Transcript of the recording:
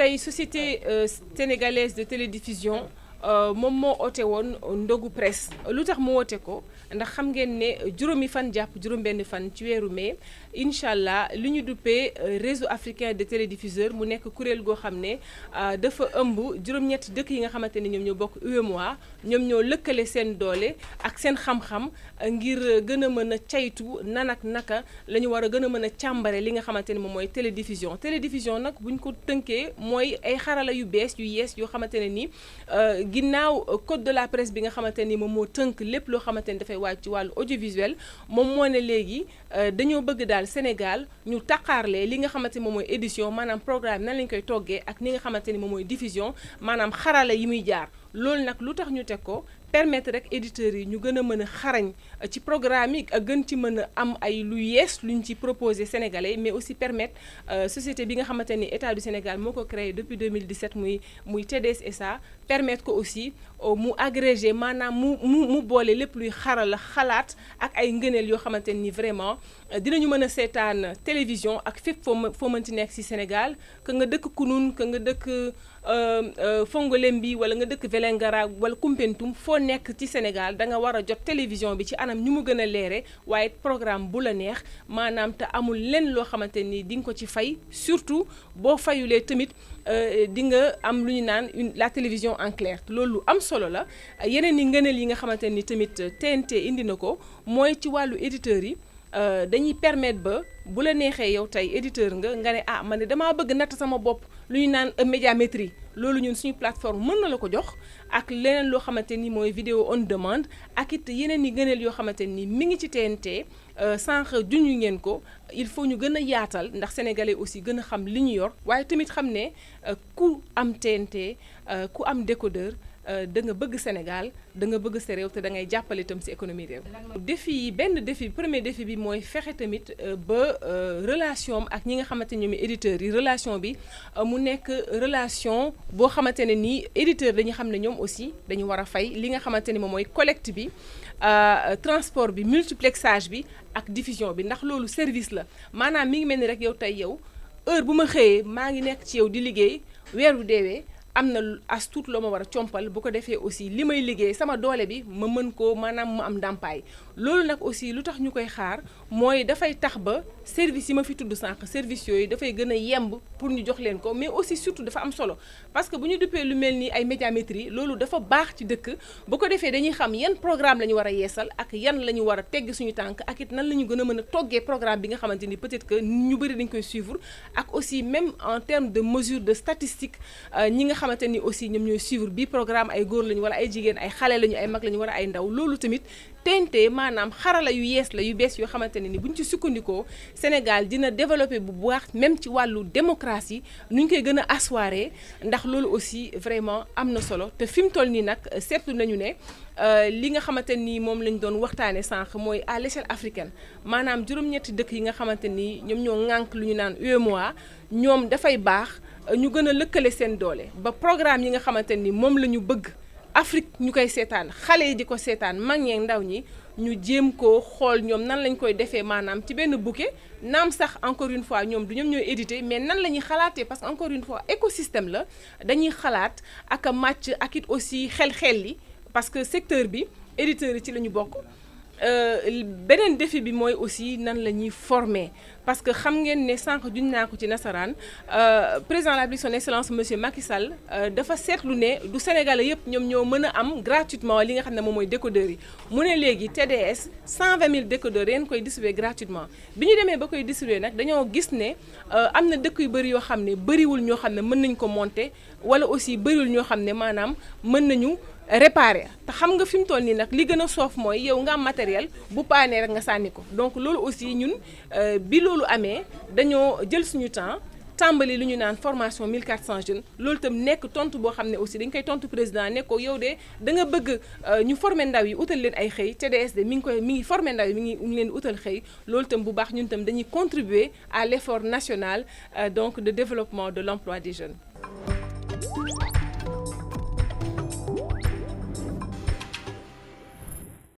tey société euh, sénégalaise de télédiffusion Euh, moom moo oote woon ndogu presse lu tax mu woote ko ndax xam ngeen ne juróomi fan jàpp juróom-benn fan ci weeru mais incha allah li ñu duppee euh, réseau africain de télédiffuseur mu nekk kuréel goo xam ne euh, dafa ëmb juróom-ñett dëkk yi nga xamante ne ñoom ñoo bokk mois ñoom ñoo lëkkale seen doole ak seen xam-xam ngir gën a mën a caytu nan ak naka la ñu war a gën a mën a càmbare li nga xamante ne moom mooy télédiffusion télédiffusion nag bu ñu ko tënkee mooy ay xarala yu bees yu yees yoo xamante ne ni. ginnaaw code de la presse bi nga xamante ni moom moo tënk lépp loo xamante ni dafay wàcc ci wàllu audiovisuel moom moo ne léegi euh, dañoo bëgg daal Sénégal ñu taqaarlee li nga xamante ni moom mooy édition maanaam programme nan lañ koy toggee ak ni nga xamante ni moom mooy diffusion maanaam xarala yi muy jaar loolu nag lu tax ñu teg ko permettre rek éditeurs yi ñu gën a mën a xarañ ci programme yi ak gën ci mën a am ay lu yees luñ ci proposé sénégalais mais aussi permettre euh, société bi nga xamante ni état du Sénégal moo ko créé depuis 2017 muy muy TDSSA permettre ko aussi euh, mu agrégé maanaam mu mu mu boole lépp luy xarala xalaat ak ay ngëneel yoo xamante ni vraiment euh, dinañu mën a seetaan télévision ak fépp foo foo mën ci nekk si Sénégal que nga dëkk Kounoune que nga dëkk. Euh, euh, Fongolembi wala nga dëkk Vélingara wala Koumpentoum foo nekk ci Sénégal da nga war a jot télévision bi ci anam ñu mu gën a leere waaye programme bu la neex maanaam amul lenn loo xamante ni di nga ko ci fay surtout boo fayulee tamit euh, di nga am lu ñu naan une la télévision loolu am solo la yeneen i ngëneel yi nga xamante ni tamit TNT indi na ko mooy ci wàllu éditeurs yi dañuy permettre ba bu la neexee yow tey éditeur nga nga ne ah man ne damaa bëgg natt sama bopp lu ñu naan e médiamétrie loolu ñun suñu plateforme mën na la ko jox ak leneen loo xamante ni mooy vidéo on demande ak it yeneen yi gëneel yoo xamante ni mi ngi ci TNT euh, sànq juñu ngeen ko il faut ñu gën a yaatal ndax sénégalais aussi gën a xam li ñu yor waaye tamit xam ne euh, ku am TNT euh, ku am décodeur. Euh, da nga bëgg Sénégal da nga bëgg sa da ngay jàppale itam si économie réew. défi yi benn défi premier défi bi mooy fexe tamit euh, ba euh, relation ak ñi nga xamante ne ñoom éditeurs yi relation bi mu nekk relation boo xamante ne nii éditeurs dañu xam ne ñoom aussi dañu war a fay li nga xamante ne moom mooy collect bi transport bi multiplexage bi ak diffusion bi ndax loolu service la maanaam mi ngi mel ni rek yow tey yow heure bu ma xëyee maa ngi nekk ci yow di liggéey weer wu deewee. am na as tuut loo ma war a compal bu ko defee aussi li may liggéey sama doole bi ma mën koo maanaam mu am ndàmpaay loolu nag aussi lu tax ñu koy xaar mooy dafay tax ba service yi ma fi tudd sànq service yooyu dafay gën a yemb pour ñu jox leen ko mais aussi surtout dafa am solo parce que bu ñu duppee lu mel ni ay médiamétrie loolu dafa baax ci dëkk bu ko defee dañuy xam yan programme la ñu war a yeesal ak yan la ñu war a tegg suñu tànk ak it nan la ñu gën a mën a toggee programme bi nga xamante ni peut-être que ñu bëri dañ koy suivre ak aussi en termes de mesure de statistique euh, ñi xamante ni aussi ñoom ñooy suivre bi programme ay góor lañu wala ay jigéen ay xale lañu ay mag lañu wala ay ndaw loolu tamit TNT maanaam xarala yu yees la yu bees yoo xamante ne ni bu ci sukkandikoo Sénégal dina développé bu baax même ci wàllu démocratie nu ñu koy gën a assoiré ndax loolu aussi vraiment am na solo te fi mu toll nii nag seetlu nañu ne euh, li nga xamante ni moom lañ doon waxtaanee sànq mooy à l'échelle africaine maanaam juróom-ñetti dëkk yi nga xamante ni ñoom ñoo ŋànk lu ñu naan UEMOA ñoom dafay baax. ñu gën a lëkkale seen doole ba programme yi nga xamante ni moom la ñu bëgg Afrique ñu koy seetaan xale yi di ko seetaan mag ñeeg ndaw ñi ñu jéem koo xool ñoom nan lañ koy defee maanaam ci benn bouquet naam sax encore une fois ñoom du ñoom ñooy édité mais nan la ñuy xalaatee parce que encore une fois écosystème la dañuy xalaat ak a màcc ak it aussi xel-xel li parce que secteur bi éditeurs yi ci la ñu bokk Euh, beneen défi bi mooy aussi nan la ñuy former parce que xam ngeen ne sànq juñ naa ko ci nasaraan euh, président de la République son excellence monsieur Macky Sall euh, dafa seetlu ne du Sénégalais yëpp ñoom ñoo mën a am gratuitement li nga xam ne moom mooy décodeurs yi mu ne léegi TDS 120 mille décodeurs yéen koy distribuer gratuitement bi ñu demee ba koy distribuer nag dañoo gis ne am na dëkk yu bëri yoo xam ne bëriwul ñoo xam ne mën nañ ko monter wala aussi bëriwul ñoo xam ne maanaam mën nañu réparer te xam nga fi mu toll nii nag li gën a soof mooy yow nga am matériel bu paanee rek nga sànni ko donc loolu aussi ñun euh, bi loolu amee dañoo jël suñu temps tàmbali lu ñu naan formation 1400 jeunes loolu tam nekk tontu boo xam ne aussi dañ koy tontu président ne ko yow de da bëgg euh, ñu former ndaw yi utal leen ay xëy TDS de mi ngi koy mi ngi former ndaw yi mi ngi mi ngi utal xëy loolu tam bu baax ñun tam dañuy contribuer à l' national euh, donc de développement de l' emploi des jeunes.